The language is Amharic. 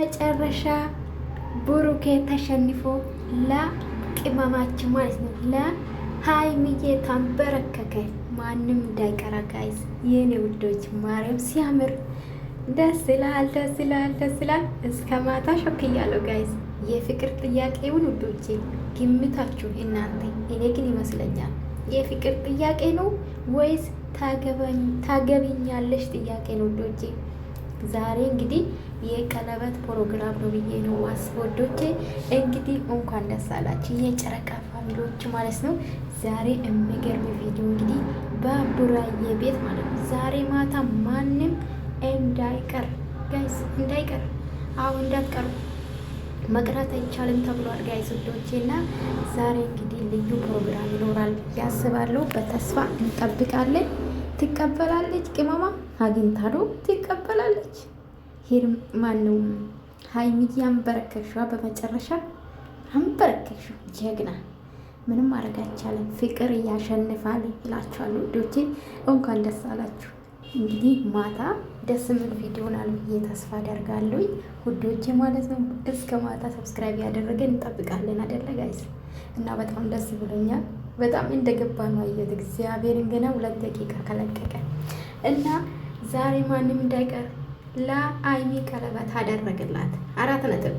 መጨረሻ ብሩኬ ተሸንፎ ለቅመማችን ማለት ነው ለሀይሚዬ ተንበረከከ። ማንም እንዳይቀራ ጋይዝ የኔ ውዶች፣ ማርያም ሲያምር ደስ ይላል፣ ደስ ይላል፣ ደስ ይላል። እስከ ማታ ሾክ እያለው ጋይዝ። የፍቅር ጥያቄውን ውዶቼ ግምታችሁ እናንተ። እኔ ግን ይመስለኛል የፍቅር ጥያቄ ነው ወይስ ታገቢኛለሽ ጥያቄ ነው ውዶቼ? ዛሬ እንግዲህ የቀለበት ፕሮግራም ነው ብዬ ነው የማስበው። እንግዲህ እንኳን ደስ አላችሁ የጨረቃ ፋሚሊዎች ማለት ነው። ዛሬ የሚገርም ቪዲዮ እንግዲህ በቡራዬ ቤት ማለት ነው። ዛሬ ማታ ማንም እንዳይቀር ጋይስ፣ እንዳይቀር አሁን እንዳትቀሩ መቅረት አይቻልም ተብሏል ጋይስ ወዶቼ። እና ዛሬ እንግዲህ ልዩ ፕሮግራም ይኖራል ያስባለሁ። በተስፋ እንጠብቃለን። ትቀበላለች። ቅመማ አግኝታዶ ትቀበላለች። ሄርም ማነው ሀይሚዬ አንበረከሽዋ። በመጨረሻ አንበረከሽ ጀግና ምንም ማድረግ አይቻልም። ፍቅር እያሸንፋል ይላችኋል ዶቼ እንኳን ደስ አላችሁ። እንግዲህ ማታ ደስ የሚል ናል ብዬ ተስፋ አደርጋለሁ ውዶቼ ማለት ነው። እስከ ማታ ሰብስክራይብ ያደረገ እንጠብቃለን አደለ ጋይስ? እና በጣም ደስ ብሎኛል። በጣም እንደገባ ነው አየሁት። እግዚአብሔርን ገና ሁለት ደቂቃ ከለቀቀ እና ዛሬ ማንም እንዳይቀር ለአይሚ ቀለበት አደረግላት አራት ነጥብ